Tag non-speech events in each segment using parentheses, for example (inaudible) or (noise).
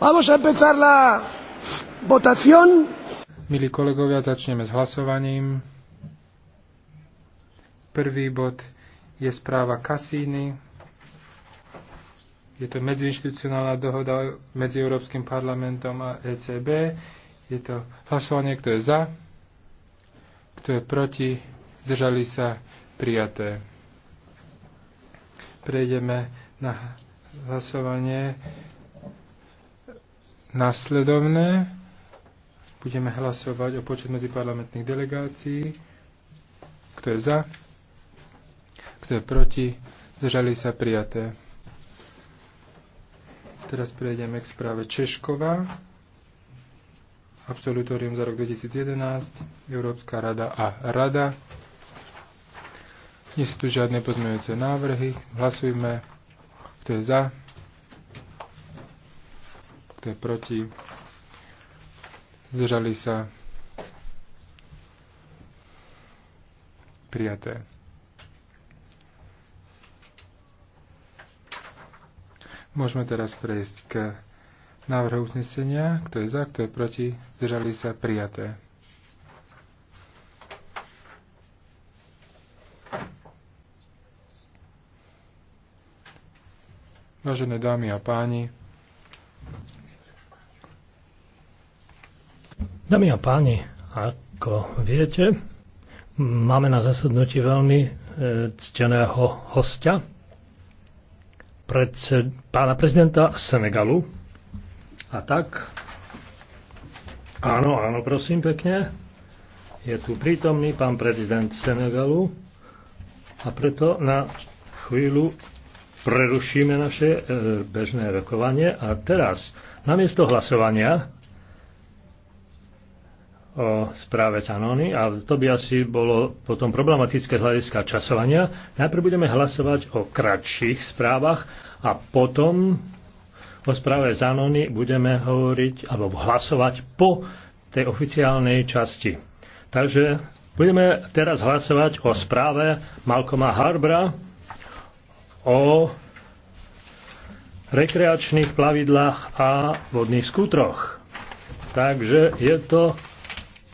Vamos a empezar la votación. Milí kolegovia, začneme s hlasovaním. Prvý bod je správa Kasíny. Je to medziinstitucionálna dohoda medzi Európskym parlamentom a ECB. Je to hlasovanie, kto je za, kto je proti, zdržali sa prijaté. Prejdeme na hlasovanie Nasledovné budeme hlasovať o počet medziparlamentných delegácií. Kto je za? Kto je proti? Zdržali sa prijaté. Teraz prejdeme k správe Češková. Absolutorium za rok 2011, Európska rada a rada. Nie sú tu žiadne pozmeňujúce návrhy. Hlasujme. Kto je za? kto je proti, zdržali sa, prijaté. Môžeme teraz prejsť k návrhu uznesenia. Kto je za, kto je proti, zdržali sa, prijaté. Vážené dámy a páni, Dámy a páni, ako viete, máme na zasadnutí veľmi e, cteného hostia, predsed, pána prezidenta Senegalu. A tak, áno, áno, prosím pekne, je tu prítomný pán prezident Senegalu a preto na chvíľu prerušíme naše e, bežné rokovanie a teraz namiesto hlasovania o správe Canony a to by asi bolo potom problematické z hľadiska časovania. Najprv budeme hlasovať o kratších správach a potom o správe Zanony budeme hovoriť alebo hlasovať po tej oficiálnej časti. Takže budeme teraz hlasovať o správe Malcoma Harbra o rekreačných plavidlách a vodných skútroch. Takže je to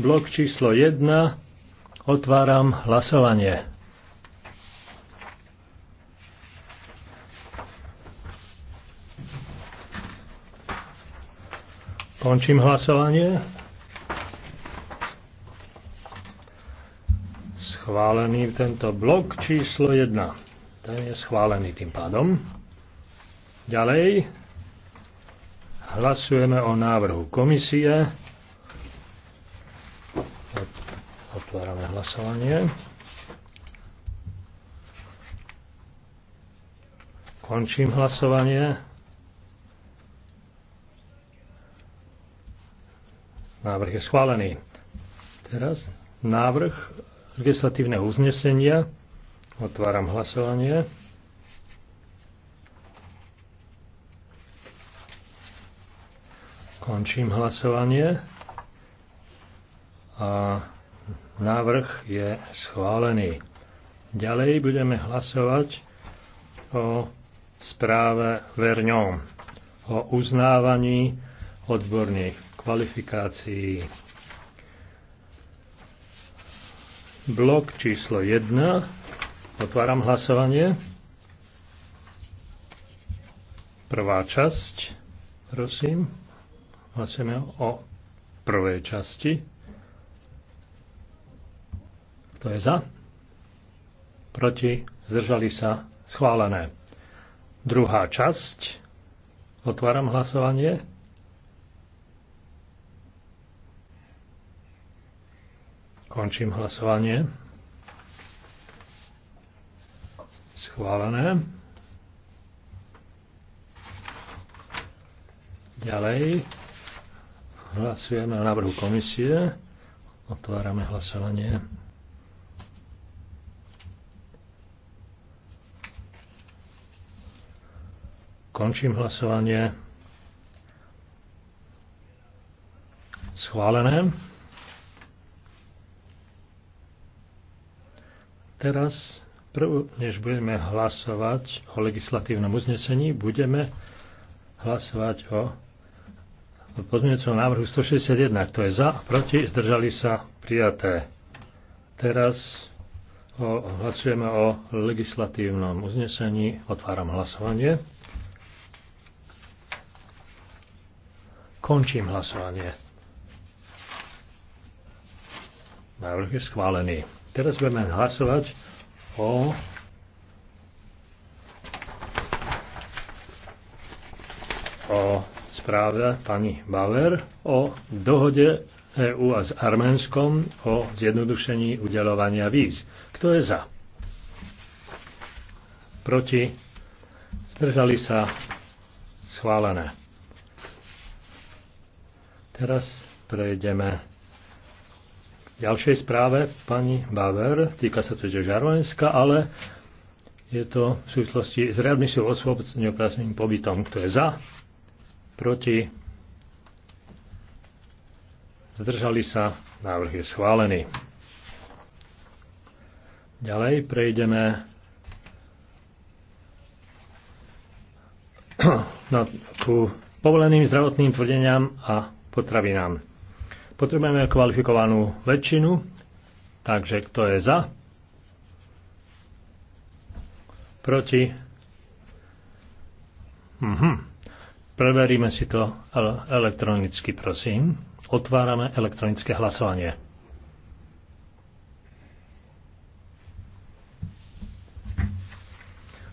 Blok číslo 1. Otváram hlasovanie. Končím hlasovanie. Schválený tento blok číslo 1. Ten je schválený tým pádom. Ďalej hlasujeme o návrhu komisie. Otvárame hlasovanie. Končím hlasovanie. Návrh je schválený. Teraz návrh legislatívneho uznesenia. Otváram hlasovanie. Končím hlasovanie. A Návrh je schválený. Ďalej budeme hlasovať o správe Verňom o uznávaní odborných kvalifikácií. Blok číslo 1. Otváram hlasovanie. Prvá časť. Prosím. Hlasujeme o prvej časti. Kto je za? Proti? Zdržali sa? Schválené. Druhá časť. Otváram hlasovanie. Končím hlasovanie. Schválené. Ďalej hlasujeme o návrhu komisie. Otvárame hlasovanie. Končím hlasovanie. Schválené. Teraz, prv, než budeme hlasovať o legislatívnom uznesení, budeme hlasovať o pozmeňujúcom návrhu 161. Kto je za, proti, zdržali sa, prijaté. Teraz o, hlasujeme o legislatívnom uznesení. Otváram hlasovanie. Končím hlasovanie. Návrh je schválený. Teraz budeme hlasovať o o správe pani Bauer o dohode EU a s Arménskom o zjednodušení udelovania víz. Kto je za? Proti? Zdržali sa? Schválené. Teraz prejdeme k ďalšej správe pani Baver. Týka sa to tiež Žarvenska, ale je to v súvislosti s readmisiou osôb s neoprávneným pobytom. Kto je za? Proti? Zdržali sa? Návrh je schválený. Ďalej prejdeme (clears throat) na, ku povoleným zdravotným tvrdeniam a potravinám. Potrebujeme kvalifikovanú väčšinu, takže kto je za? Proti? Mhm. Preveríme si to elektronicky, prosím. Otvárame elektronické hlasovanie.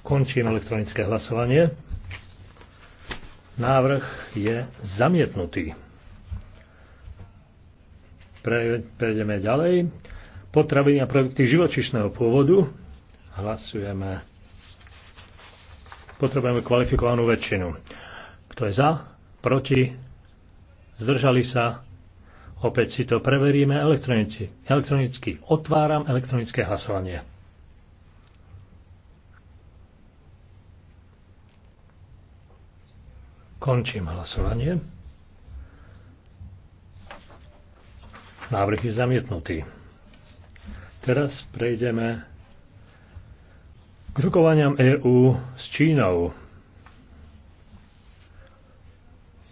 Končím elektronické hlasovanie. Návrh je zamietnutý. Pre, prejdeme ďalej. Potraviny a produkty živočišného pôvodu. Hlasujeme. Potrebujeme kvalifikovanú väčšinu. Kto je za? Proti? Zdržali sa? Opäť si to preveríme elektronicky. elektronicky. Otváram elektronické hlasovanie. Končím hlasovanie. Návrh je zamietnutý. Teraz prejdeme k rokovaniam EÚ s Čínou.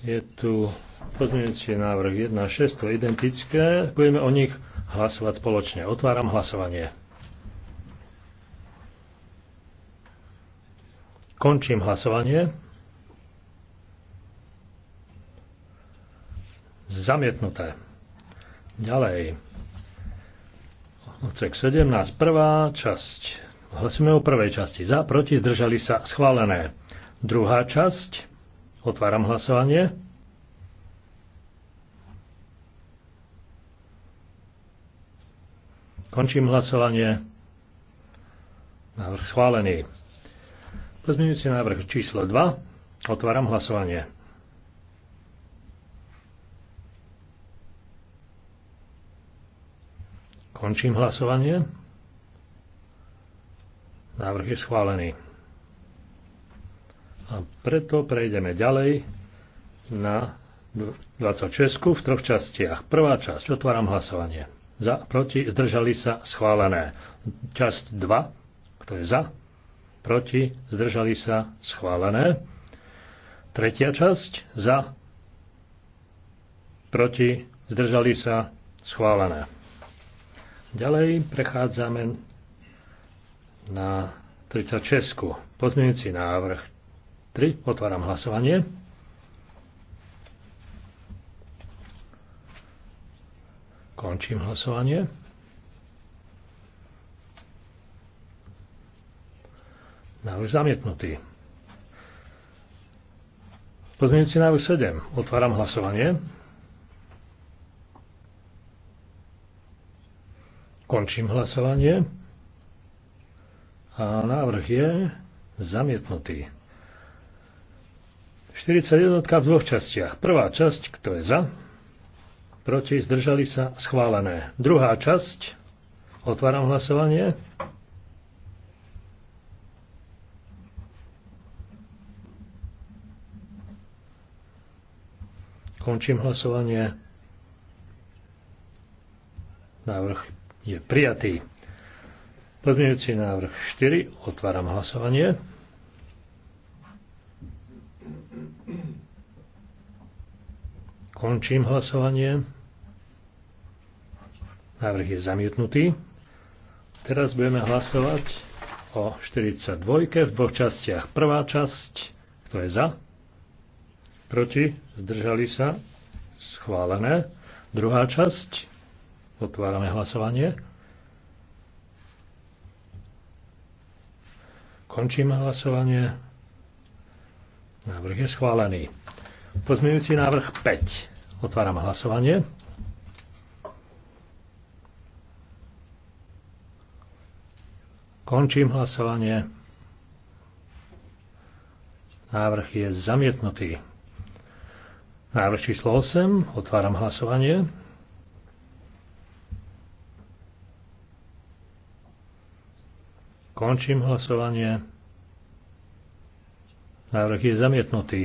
Je tu pozmeňujúci návrh 1 a 6, to je identické. Budeme o nich hlasovať spoločne. Otváram hlasovanie. Končím hlasovanie. Zamietnuté. Ďalej. Odsek 17, prvá časť. Hlasíme o prvej časti. Za, proti, zdržali sa, schválené. Druhá časť. Otváram hlasovanie. Končím hlasovanie. Návrh schválený. Pozmeňujúci návrh číslo 2. Otváram hlasovanie. Končím hlasovanie. Návrh je schválený. A preto prejdeme ďalej na 26 v troch častiach. Prvá časť, otváram hlasovanie. Za, proti, zdržali sa, schválené. Časť 2, kto je za, proti, zdržali sa, schválené. Tretia časť, za, proti, zdržali sa, schválené. Ďalej prechádzame na 36. Pozmienujúci návrh 3. Otváram hlasovanie. Končím hlasovanie. Návrh zamietnutý. Pozmienujúci návrh 7. Otváram hlasovanie. Končím hlasovanie. A návrh je zamietnutý. 41 v dvoch častiach. Prvá časť, kto je za, proti, zdržali sa, schválené. Druhá časť, otváram hlasovanie. Končím hlasovanie. Návrh je prijatý. Pozmeňujúci návrh 4. Otváram hlasovanie. Končím hlasovanie. Návrh je zamietnutý. Teraz budeme hlasovať o 42 v dvoch častiach. Prvá časť, kto je za? Proti? Zdržali sa? Schválené. Druhá časť, Otvárame hlasovanie. Končím hlasovanie. Návrh je schválený. Pozmeňujúci návrh 5. Otváram hlasovanie. Končím hlasovanie. Návrh je zamietnutý. Návrh číslo 8. Otváram hlasovanie. Končím hlasovanie. Návrh je zamietnutý.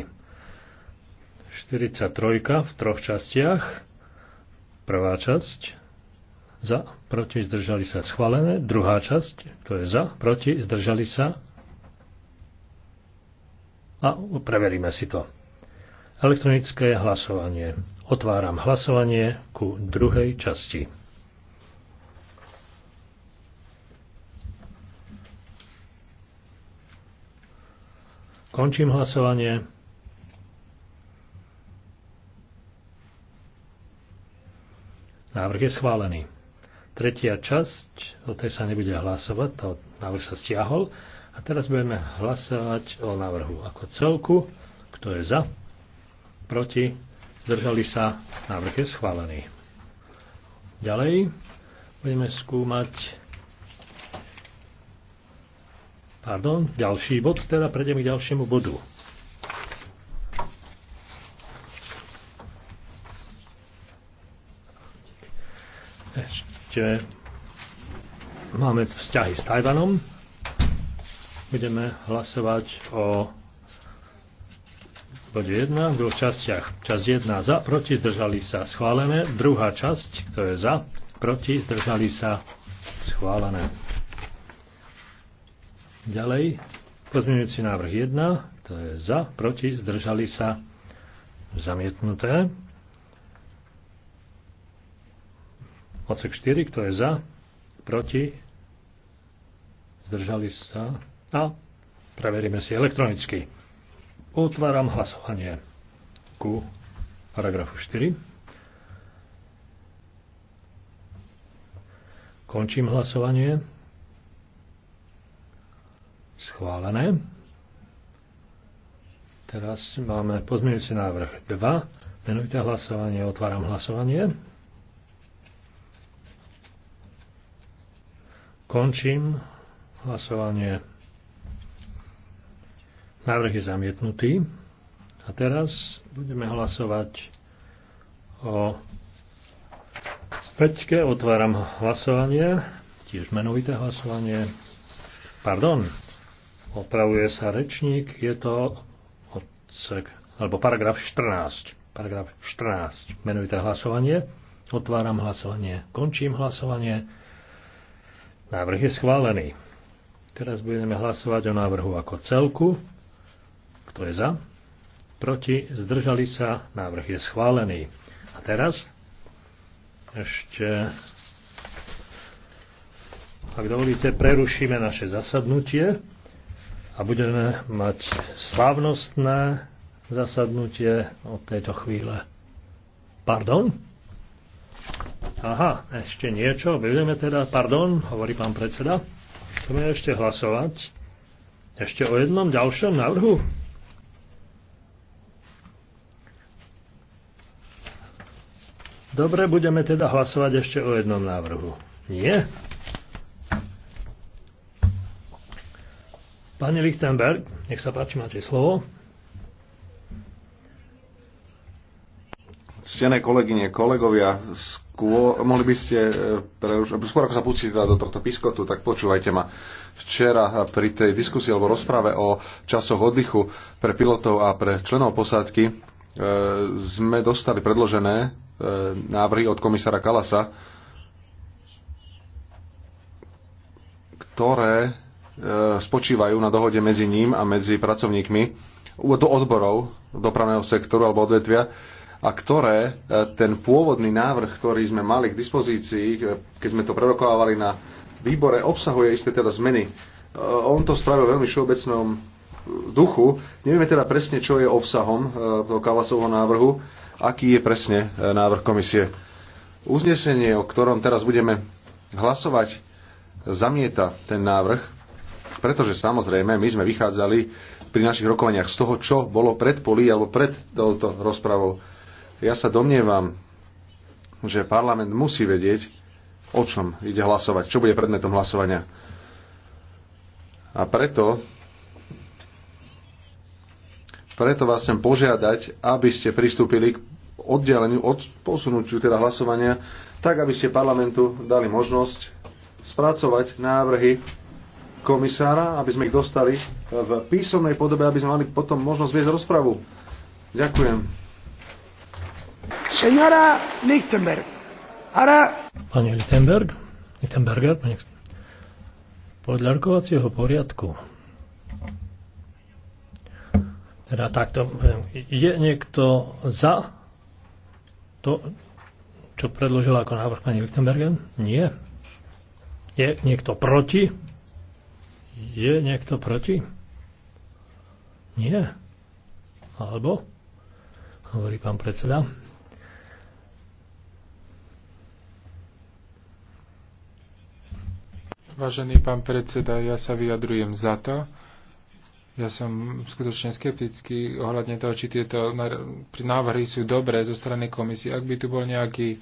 43 v troch častiach. Prvá časť za, proti, zdržali sa schválené. Druhá časť, to je za, proti, zdržali sa. A preveríme si to. Elektronické hlasovanie. Otváram hlasovanie ku druhej časti. Končím hlasovanie. Návrh je schválený. Tretia časť, o tej sa nebude hlasovať, to návrh sa stiahol. A teraz budeme hlasovať o návrhu ako celku. Kto je za? Proti? Zdržali sa? Návrh je schválený. Ďalej budeme skúmať Pardon, ďalší bod, teda prejdeme k ďalšiemu bodu. Ešte máme vzťahy s Tajvanom. Budeme hlasovať o bode 1 v dvoch častiach. Časť 1 za, proti, zdržali sa, schválené. Druhá časť, kto je za, proti, zdržali sa, schválené. Ďalej, pozmeňujúci návrh 1, to je za, proti, zdržali sa, zamietnuté. Odsek 4, kto je za, proti, zdržali sa a preveríme si elektronicky. Otváram hlasovanie ku paragrafu 4. Končím hlasovanie. Schválené. Teraz máme pozmeňujúci návrh 2. Menujte hlasovanie. Otváram hlasovanie. Končím hlasovanie. Návrh je zamietnutý. A teraz budeme hlasovať o 5. Otváram hlasovanie. Tiež menovité hlasovanie. Pardon, opravuje sa rečník, je to odsek, alebo paragraf 14. Paragraf 14. Menovité hlasovanie. Otváram hlasovanie. Končím hlasovanie. Návrh je schválený. Teraz budeme hlasovať o návrhu ako celku. Kto je za? Proti? Zdržali sa? Návrh je schválený. A teraz ešte ak dovolíte, prerušíme naše zasadnutie a budeme mať slávnostné zasadnutie od tejto chvíle. Pardon? Aha, ešte niečo. Budeme teda, pardon, hovorí pán predseda. Chceme ešte hlasovať. Ešte o jednom ďalšom návrhu. Dobre, budeme teda hlasovať ešte o jednom návrhu. Nie? Pani Lichtenberg, nech sa páči, máte slovo. Ctené kolegyne, kolegovia, skôr, mohli by ste, e, preruš- skôr ako sa pustíte teda do tohto piskotu, tak počúvajte ma. Včera e, pri tej diskusii alebo rozprave o časoch oddychu pre pilotov a pre členov posádky e, sme dostali predložené e, návrhy od komisára Kalasa, ktoré E, spočívajú na dohode medzi ním a medzi pracovníkmi do odborov dopravného sektoru alebo odvetvia a ktoré e, ten pôvodný návrh, ktorý sme mali k dispozícii, e, keď sme to prerokovávali na výbore, obsahuje isté teda zmeny. On to spravil veľmi všeobecnom duchu. Nevieme teda presne, čo je obsahom toho Kalasovho návrhu, aký je presne návrh komisie. Uznesenie, o ktorom teraz budeme hlasovať, zamieta ten návrh pretože samozrejme my sme vychádzali pri našich rokovaniach z toho, čo bolo pred polí alebo pred touto rozpravou. Ja sa domnievam, že parlament musí vedieť, o čom ide hlasovať, čo bude predmetom hlasovania. A preto preto vás chcem požiadať, aby ste pristúpili k oddeleniu, od posunutiu teda hlasovania, tak aby ste parlamentu dali možnosť spracovať návrhy komisára, aby sme ich dostali eh, v písomnej podobe, aby sme mali potom možnosť viesť rozpravu. Ďakujem. Senora Lichtenberg. Ara... Pani Lichtenberg, Lichtenberger, pani... podľa rokovacieho poriadku teda takto, je niekto za to, čo predložila ako návrh pani Lichtenberger? Nie. Je niekto proti? Je niekto proti? Nie. Alebo? Hovorí pán predseda. Vážený pán predseda, ja sa vyjadrujem za to. Ja som skutočne skeptický ohľadne toho, či tieto návrhy sú dobré zo strany komisie. Ak by tu bol nejaký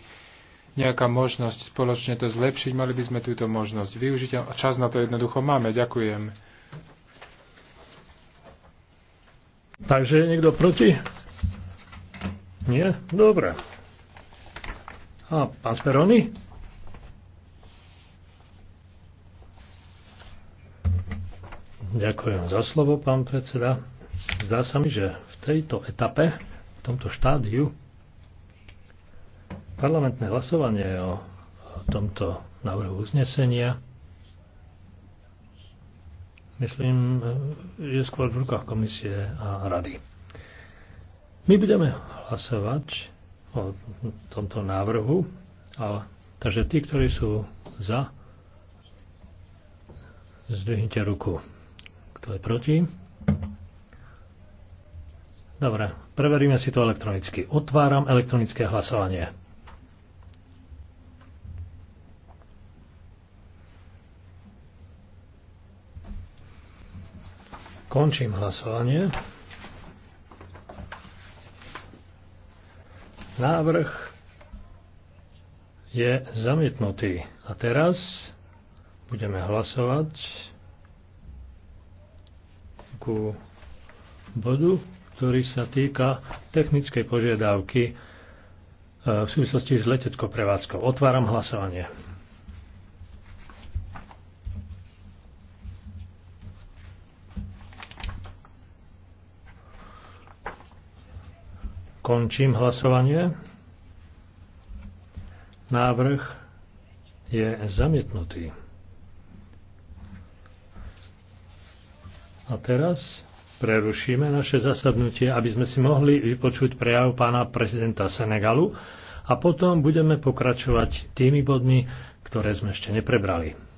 nejaká možnosť spoločne to zlepšiť, mali by sme túto možnosť využiť a čas na to jednoducho máme. Ďakujem. Takže je niekto proti? Nie? Dobre. A pán Speroni? Ďakujem za slovo, pán predseda. Zdá sa mi, že v tejto etape, v tomto štádiu Parlamentné hlasovanie o tomto návrhu uznesenia myslím, je skôr v rukách komisie a rady. My budeme hlasovať o tomto návrhu, ale, takže tí, ktorí sú za, zdvihnite ruku. Kto je proti? Dobre, preveríme si to elektronicky. Otváram elektronické hlasovanie. Končím hlasovanie. Návrh je zamietnutý. A teraz budeme hlasovať ku bodu, ktorý sa týka technickej požiadavky eh, v súvislosti s leteckou prevádzkou. Otváram hlasovanie. Končím hlasovanie. Návrh je zamietnutý. A teraz prerušíme naše zasadnutie, aby sme si mohli vypočuť prejav pána prezidenta Senegalu a potom budeme pokračovať tými bodmi, ktoré sme ešte neprebrali.